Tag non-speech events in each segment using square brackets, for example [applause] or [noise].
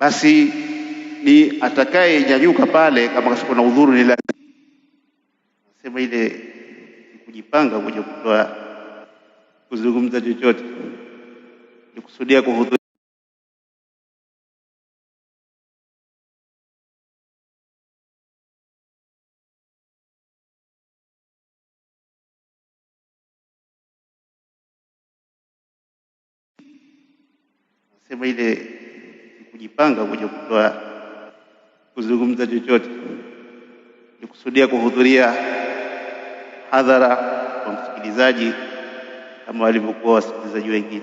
basi ni atakaye nyanyuka pale, kama na udhuru ni lazima sema ile kujipanga kuja kutoa kuzungumza chochote, kusudia kuhudhuria sema ile kujipanga kuja kutoa kuzungumza chochote. Nikusudia kuhudhuria hadhara kwa msikilizaji kama walivyokuwa wasikilizaji wengine,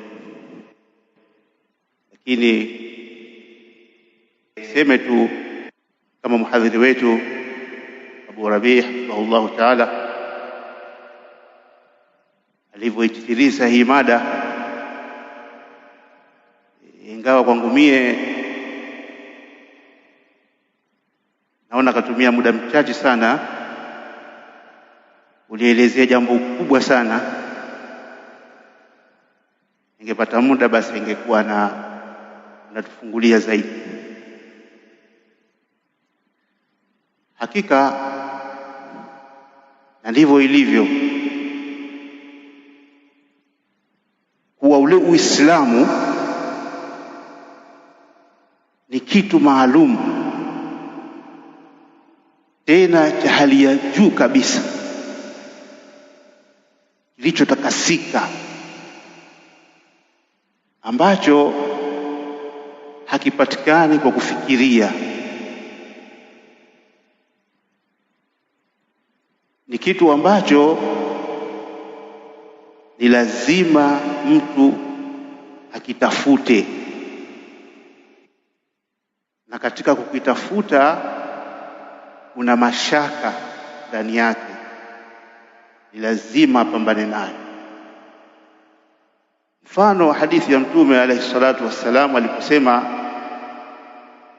lakini niseme tu kama mhadhiri wetu Abu Rabi llahu taala alivyoitikiriza hii mada, ingawa kwangu mie naona akatumia muda mchache sana, ulielezea jambo kubwa sana. Ningepata muda basi ingekuwa na natufungulia zaidi. Hakika na ndivyo ilivyo kuwa ule Uislamu ni kitu maalum tena cha hali ya juu kabisa kilichotakasika, ambacho hakipatikani kwa kufikiria, ni kitu ambacho ni lazima mtu akitafute, na katika kukitafuta kuna mashaka ndani yake, ni lazima apambane nayo. Mfano wa hadithi ya Mtume alaihi salatu wassalam aliposema,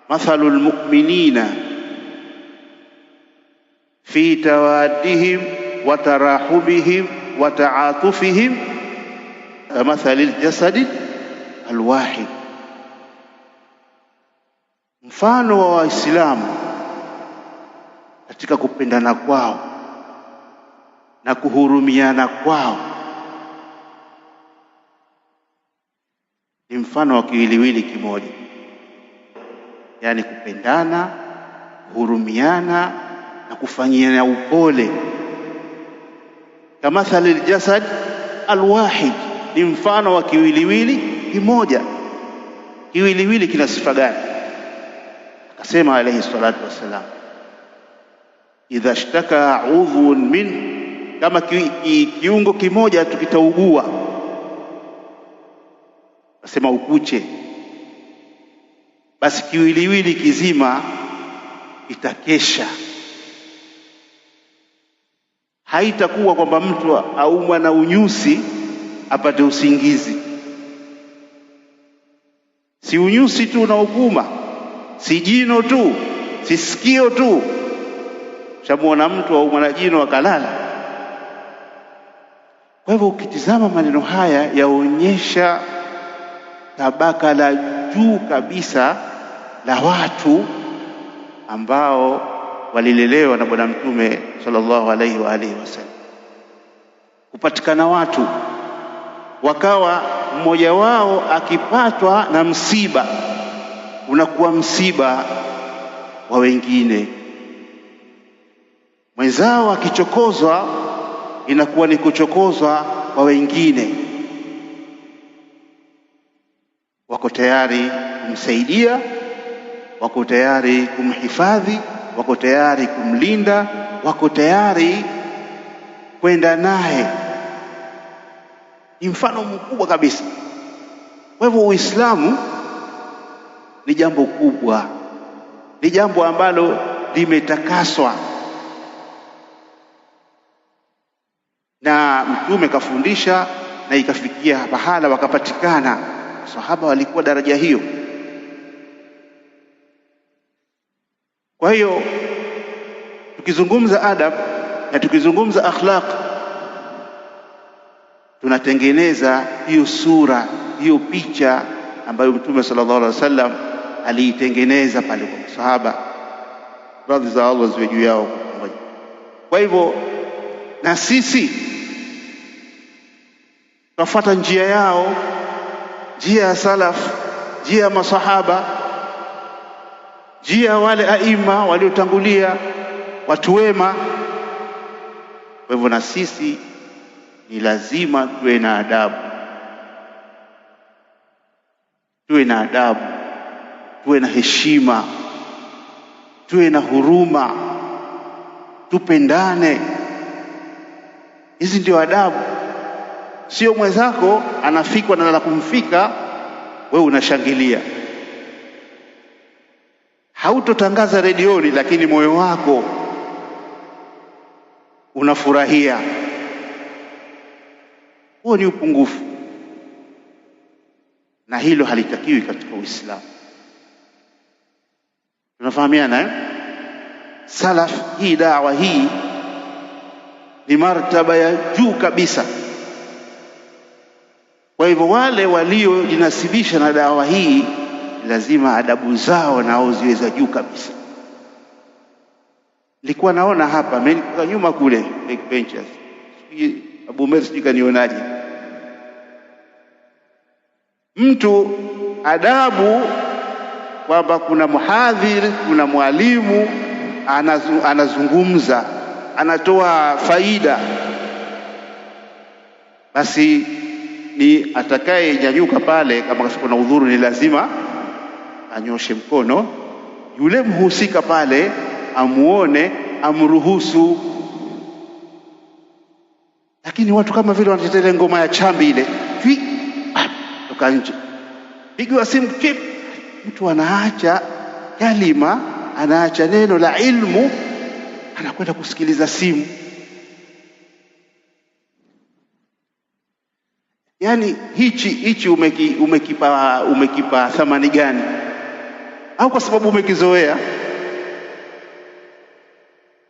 mathalu lmuminina fi tawaddihim wa tarahubihim wa taatufihim kamathali ljasadi alwahid, mfano wa Waislamu katika kupendana kwao na kuhurumiana kwao. Ni mfano wa kiwiliwili kimoja, yaani kupendana, kuhurumiana na kufanyiana upole. Kamathali ljasad alwahid, ni mfano wa kiwiliwili kimoja. Kiwiliwili kina sifa gani? Akasema alaihi salatu wassalam idha shtaka udhun min, kama ki, ki, kiungo kimoja tukitaugua, nasema ukuche, basi kiwiliwili kizima itakesha. Haitakuwa kwamba mtu aumwa na unyusi apate usingizi. Si unyusi tu unaokuma, si jino tu, si sikio tu chamwona mtu au mwanajino akalala. Kwa hivyo ukitizama maneno haya yaonyesha tabaka la juu kabisa la watu ambao walilelewa na Bwana Mtume sallallahu alaihi wa alihi wasallam, kupatikana watu wakawa mmoja wao akipatwa na msiba unakuwa msiba wa wengine. Mwenzao akichokozwa inakuwa ni kuchokozwa kwa wengine, wako tayari kumsaidia, wako tayari kumhifadhi, wako tayari kumlinda, wako tayari kwenda naye. Ni mfano mkubwa kabisa. Kwa hivyo Uislamu ni jambo kubwa, ni jambo ambalo limetakaswa na Mtume kafundisha na ikafikia pahala wakapatikana sahaba walikuwa daraja hiyo. Kwa hiyo tukizungumza adab na tukizungumza akhlaq, tunatengeneza hiyo sura, hiyo picha ambayo Mtume sallallahu alaihi wasallam aliitengeneza pale kwa sahaba, radhi za Allah ziwe juu yao. Kwa hivyo na sisi tutafuata njia yao, njia ya salaf, njia ya masahaba, njia ya wale aima waliotangulia, watu wema. Kwa hivyo, na sisi ni lazima tuwe na adabu, tuwe na adabu, tuwe na heshima, tuwe na huruma, tupendane. Hizi ndio adabu, sio mwenzako anafikwa na la kumfika wewe unashangilia. Hautotangaza redioni, lakini moyo wako unafurahia. Huo ni upungufu, na hilo halitakiwi katika Uislamu. Tunafahamiana eh? Salaf hii dawa hii ni martaba ya juu kabisa. Kwa hivyo wale waliojinasibisha na dawa hii lazima adabu zao nao ziwe za juu kabisa. Nilikuwa naona hapa mlikuwa nyuma kule Lake Benches, sijui Abu Mer, sijui kanionaje, mtu adabu kwamba kuna mhadhiri, kuna mwalimu anazungumza anatoa faida, basi ni atakayenyanyuka pale, kama kuna udhuru, ni lazima anyoshe mkono, yule mhusika pale amuone, amruhusu. Lakini watu kama vile wanatetelea ngoma ya chambi ile, ah, toka nje, pigiwa simu, mtu anaacha kalima, anaacha neno la ilmu anakwenda kusikiliza simu. Yaani hichi hichi umeki, umekipa, umekipa thamani gani? Au kwa sababu umekizoea?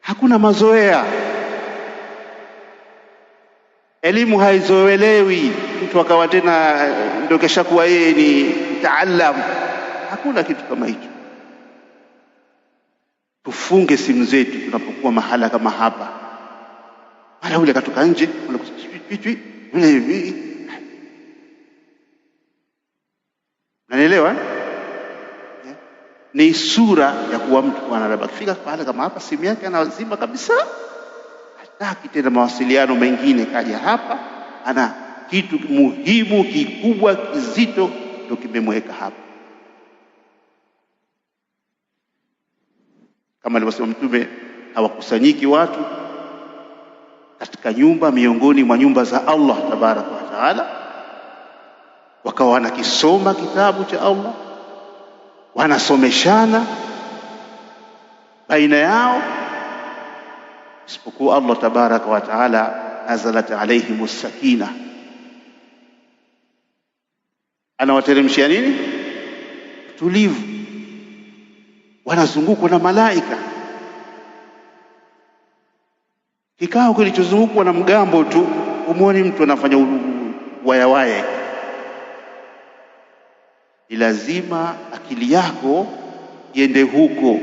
Hakuna mazoea, elimu haizoelewi mtu akawa tena ndio kuwa yeye ni mtaalamu Hakuna kitu kama hicho. Tufunge simu zetu tunapokuwa mahala kama hapa. Mara ule akatoka nje hivi, nanielewa eh? Ni sura ya kuwa mtu anakifika mahala kama hapa, simu yake anazima kabisa, hataki tena mawasiliano mengine. Kaja hapa, ana kitu muhimu kikubwa kizito, ndio kimemweka hapa. kama alivyosema Mtume, hawakusanyiki watu katika nyumba miongoni mwa nyumba za Allah tabaraka wa taala, wakawa wanakisoma kitabu cha Allah, wanasomeshana baina yao, isipokuwa Allah tabaraka wa taala nazalat alaihim sakina, anawateremshia nini? Utulivu wanazungukwa na malaika. Kikao kilichozungukwa na mgambo tu, umwoni mtu anafanya wayawaye. Ni lazima akili yako iende huko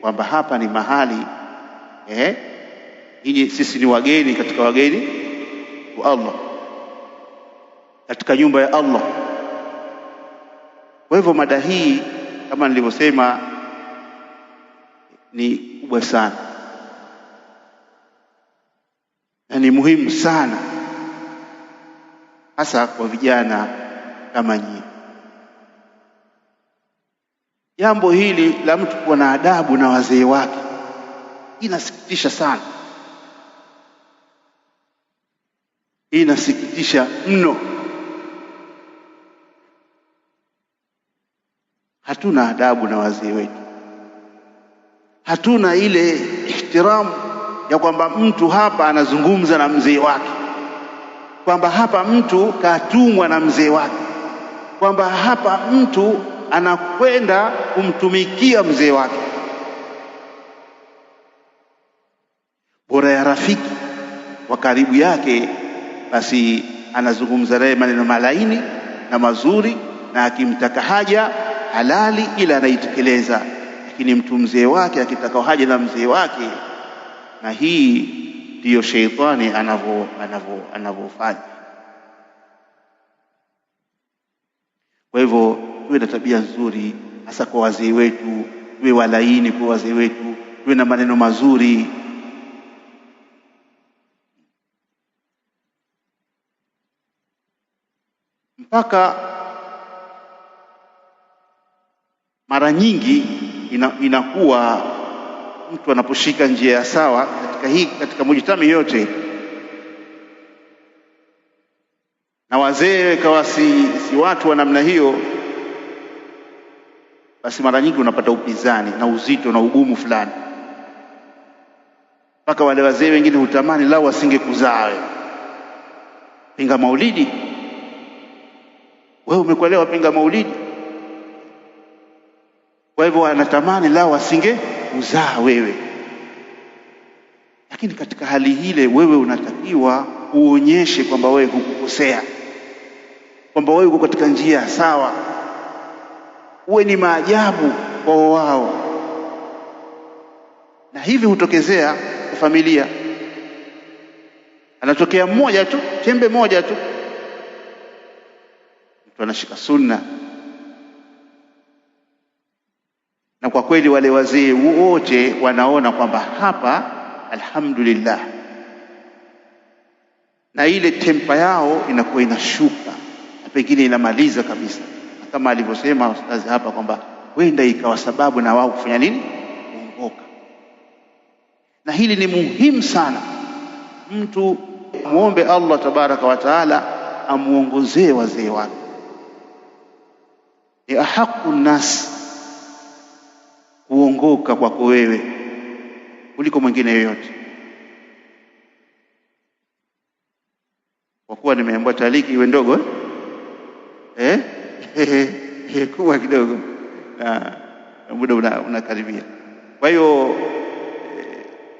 kwamba hapa ni mahali eh, nyinyi sisi ni wageni katika wageni wa Allah, katika nyumba ya Allah. Kwa hivyo mada hii kama nilivyosema ni kubwa sana na ni muhimu sana, hasa kwa vijana kama nyinyi. Jambo hili la mtu kuwa na adabu na wazee wake inasikitisha sana, inasikitisha mno. Hatuna adabu na wazee wetu hatuna ile ihtiramu ya kwamba mtu hapa anazungumza na mzee wake, kwamba hapa mtu katumwa na mzee wake, kwamba hapa mtu anakwenda kumtumikia mzee wake. Bora ya rafiki wa karibu yake, basi anazungumza naye maneno malaini na mazuri, na akimtaka haja halali, ila anaitekeleza lakini mtu mzee wake akitaka haja na mzee wake, na hii ndiyo sheitani anavyo anavyofanya. Kwa hivyo tuwe na tabia nzuri, hasa kwa wazee wetu, tuwe walaini kwa wazee wetu, tuwe na maneno mazuri. Mpaka mara nyingi ina, inakuwa mtu anaposhika njia ya sawa katika hii katika mujtami yote, na wazee kawa si, si watu wa namna hiyo, basi mara nyingi unapata upinzani na uzito na ugumu fulani, mpaka wale wazee wengine hutamani lao wasingekuzaa wewe, pinga maulidi wewe, umekuelewa pinga maulidi kwa hivyo wanatamani la wasingeuzaa wewe, lakini katika hali hile wewe unatakiwa uonyeshe kwamba wewe hukukosea, kwamba wewe uko katika njia sawa, uwe ni maajabu kwa wao. Na hivi hutokezea kwa familia, anatokea mmoja tu, chembe moja tu, mtu anashika sunna Na kwa kweli wale wazee wote wanaona kwamba hapa alhamdulillah, na ile tempa yao inakuwa inashuka na pengine inamaliza kabisa, kama alivyosema ustazi hapa kwamba wenda ikawa sababu na wao kufanya nini, kuongoka. Na hili ni muhimu sana, mtu muombe Allah tabaraka wa taala amuongozee wazee wake, ni ahaqu nas kuongoka kwako wewe kuliko mwingine yoyote. Kwa kuwa nimeambiwa taliki iwe ndogo eh? [laughs] kubwa kidogo na muda unakaribia una kwa hiyo eh,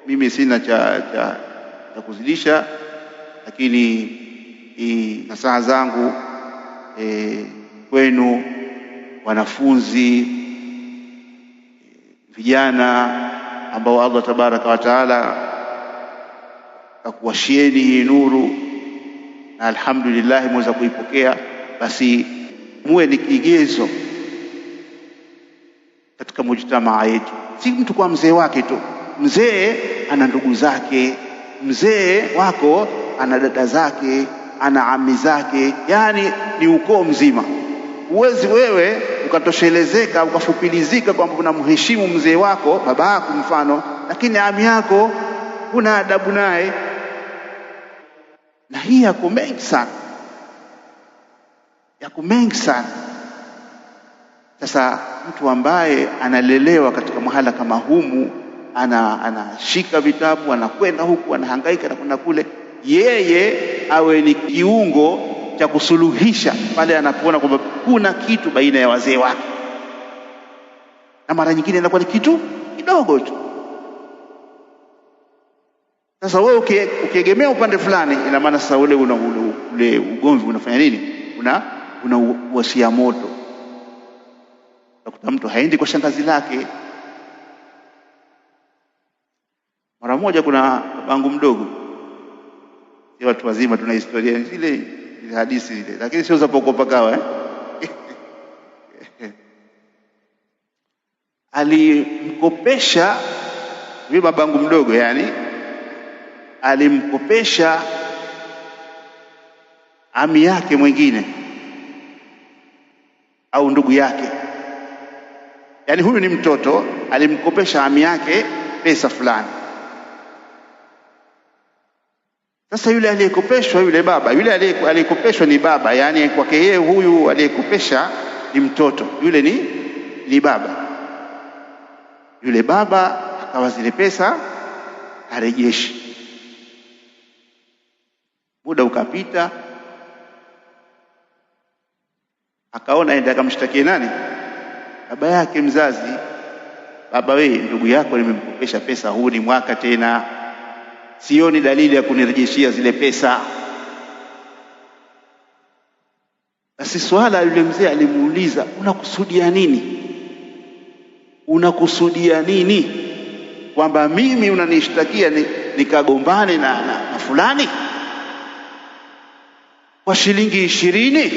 mimi sina cha, cha, cha kuzidisha, lakini nasaha zangu e, kwenu wanafunzi vijana ambao Allah tabaraka wa taala akuwashieni hii nuru, na alhamdulillah mweza kuipokea, basi muwe ni kigezo katika mujtamaa yetu, si mtu kwa mzee wake tu. Mzee ana ndugu zake, mzee wako ana dada zake, ana ami zake, yani ni ukoo mzima. Huwezi wewe ukatoshelezeka ukafupilizika kwamba unamheshimu mzee wako baba yako mfano, lakini ami yako una adabu naye, na hii yako mengi sana, yako mengi sana. Sasa mtu ambaye analelewa katika mahala kama humu, anashika ana vitabu, anakwenda huku, anahangaika na kwenda kule, yeye awe ni kiungo cha kusuluhisha pale anapoona kwamba kuna kitu baina ya wazee wake, na mara nyingine inakuwa ni kitu kidogo tu. Sasa wewe ukiegemea upande fulani, ina maana sasa ule ule ugomvi unafanya nini? Una unauwashia moto. Utakuta mtu haendi kwa shangazi lake. Mara moja, kuna babangu mdogo, si watu wazima, tuna historia zile hadithi ile, lakini sio za pokopa kawa eh? [laughs] alimkopesha huyu babangu mdogo, yani alimkopesha ami yake mwingine au ndugu yake, yani huyu ni mtoto, alimkopesha ami yake pesa fulani Sasa yule aliyekopeshwa, yule baba, yule aliyekopeshwa ni baba, yaani kwake yeye huyu aliyekopesha ni mtoto, yule ni ni baba. Yule baba akawa zile pesa arejeshi. Muda ukapita, akaona aende akamshtakie nani? Baba yake mzazi, baba, wewe ndugu yako nimemkopesha pesa, huu ni mwaka tena sioni dalili ya kunirejeshia zile pesa. Basi swala yule mzee alimuuliza, unakusudia nini? Unakusudia nini? Kwamba mimi unanishtakia nikagombane na, na, na fulani kwa shilingi ishirini?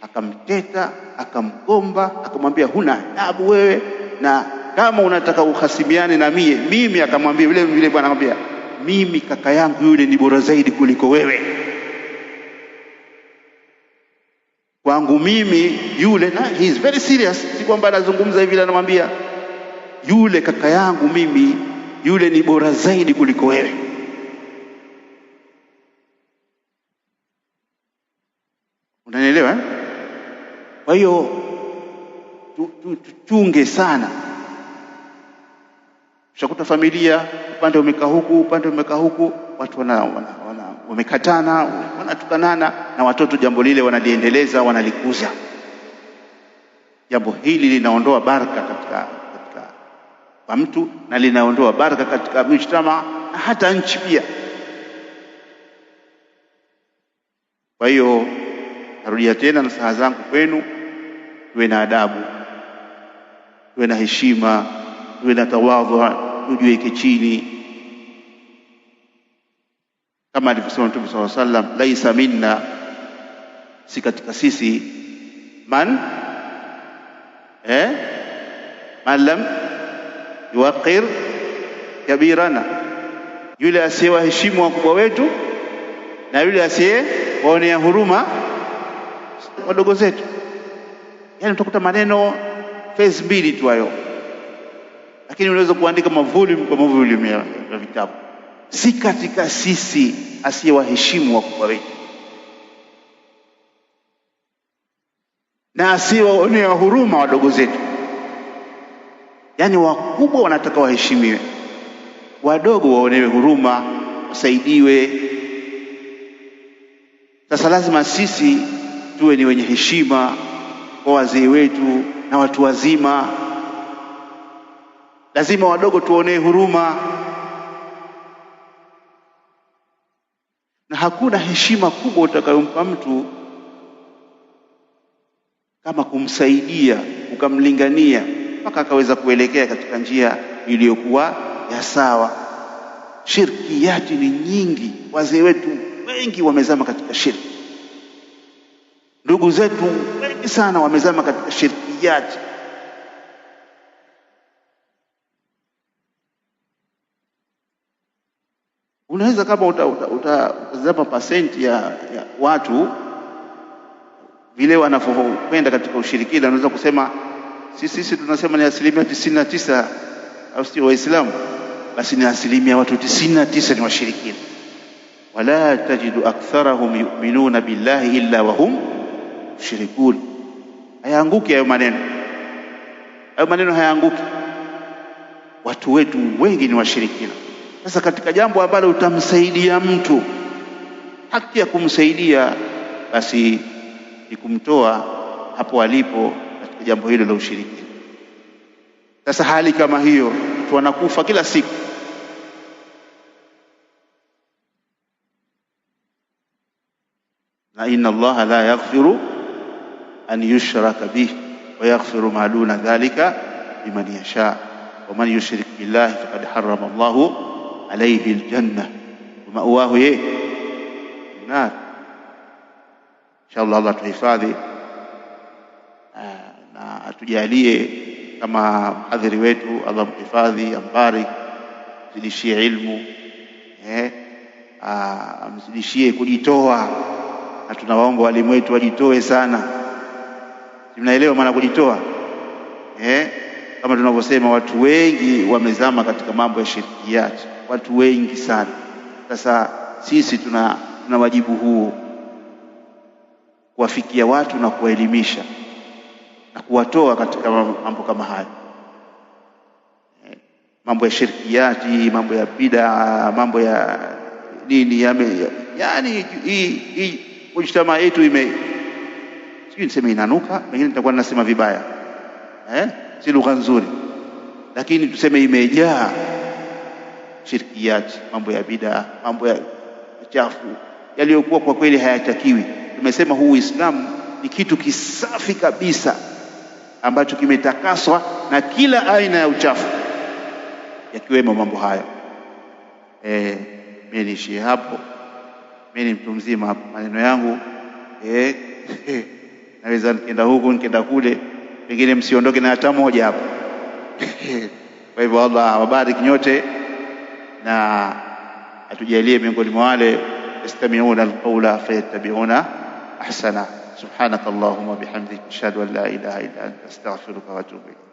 Akamteta, akamgomba, akamwambia huna adabu wewe na kama unataka uhasibiane na mie mimi, akamwambia vile vile, bwana anamwambia mimi kaka yangu yule ni bora zaidi kuliko wewe kwangu mimi yule, na he is very serious, si kwamba anazungumza hivi, anamwambia yule kaka yangu mimi yule ni bora zaidi kuliko wewe. Unanielewa? Eh? Kwa hiyo tuchunge tu, tu, sana Ushakuta familia upande umekaa huku, upande umekaa huku, watu wana, wana, wana, wamekatana, wanatukanana, na watoto jambo lile wanaliendeleza, wanalikuza. Jambo hili linaondoa baraka katika, katika kwa mtu na linaondoa baraka katika mujtama na hata nchi pia. Kwa hiyo narudia tena nasaha zangu kwenu, tuwe na adabu, tuwe na heshima, tuwe na tawadhu tujiweke chini, kama alivyosema Mtume sallallahu alaihi wasallam, laisa minna, si katika sisi, man eh, man lam yuwaqir kabirana, yule asiyewaheshimu wakubwa wetu na yule asiye waonea huruma wadogo zetu. Yani utakuta maneno fezi mbili tu hayo lakini unaweza kuandika mavolume kwa mavolume ya vitabu. Si katika sisi asiyewaheshimu wakubwa wetu na asiyewaonea huruma wadogo zetu. Yaani, wakubwa wanataka waheshimiwe, wadogo waonewe huruma, wasaidiwe. Sasa lazima sisi tuwe ni wenye heshima kwa wazee wetu na watu wazima lazima wadogo tuonee huruma, na hakuna heshima kubwa utakayompa mtu kama kumsaidia, ukamlingania mpaka akaweza kuelekea katika njia iliyokuwa ya sawa. Shirkiyati ni nyingi, wazee wetu wengi wamezama katika shirki, ndugu zetu wengi sana wamezama katika shirkiyati. kwanza kama utazama uta, uta, pasenti ya, ya watu vile wanavyokwenda katika ushirikina, unaweza kusema sisi sisi tunasema ni asilimia tisini na tisa au sio, Waislamu? Basi ni asilimia watu tisini na tisa ni washirikina. wala tajidu aktharahum yuminuna billahi illa wahum mushrikun. Hayaanguki hayo maneno, hayo maneno hayaanguki. Watu wetu wengi ni washirikina. Sasa katika jambo ambalo utamsaidia mtu, haki ya kumsaidia basi ni kumtoa hapo alipo katika jambo hilo la ushiriki. Sasa hali kama hiyo, mtu anakufa kila siku, na inna Allaha la yaghfiru an yushraka bihi wa yaghfiru ma duna dhalika liman yasha wa man yushrik billahi faqad harrama Allahu alaihi aljanna wa ma'wahu ye nar. Inshallah Allah tuhifadhi ah, na atujalie kama mhadhiri wetu, Allah mhifadhi, ambariki, mzidishie ilmu eh, ah, amzidishie kujitoa, na tunawaomba walimu wetu wajitoe sana, simnaelewa maana kujitoa eh, kama tunavyosema watu wengi wamezama katika mambo ya shirikiyati watu wengi sana. Sasa sisi tuna, tuna wajibu huo kuwafikia watu na kuwaelimisha na kuwatoa katika mambo kama haya, mambo ya shirkiati, mambo ya bidaa, mambo ya nini ya, yani hii mujtamaa yetu ime sijui niseme inanuka, pengine nitakuwa ninasema vibaya eh, si lugha nzuri, lakini tuseme imejaa shirkiyat, mambo ya bidaa, mambo ya chafu yaliyokuwa kwa kweli hayatakiwi. Tumesema huu Uislamu ni kitu kisafi kabisa ambacho kimetakaswa na kila aina ya uchafu, yakiwemo mambo hayo. E, mimi niishie hapo. Mimi ni mtu mzima, maneno yangu e, e, [laughs] naweza nikienda huku nikienda kule, pengine msiondoke na hata moja hapo. [laughs] Kwa hivyo, Allah awabariki nyote. na atujalie miongoni mwa wale istami'una alqawla fayattabiuna ahsana. subhanakallahumma bihamdika ashhadu an la ilaha illa anta astaghfiruka wa atubu ilayk.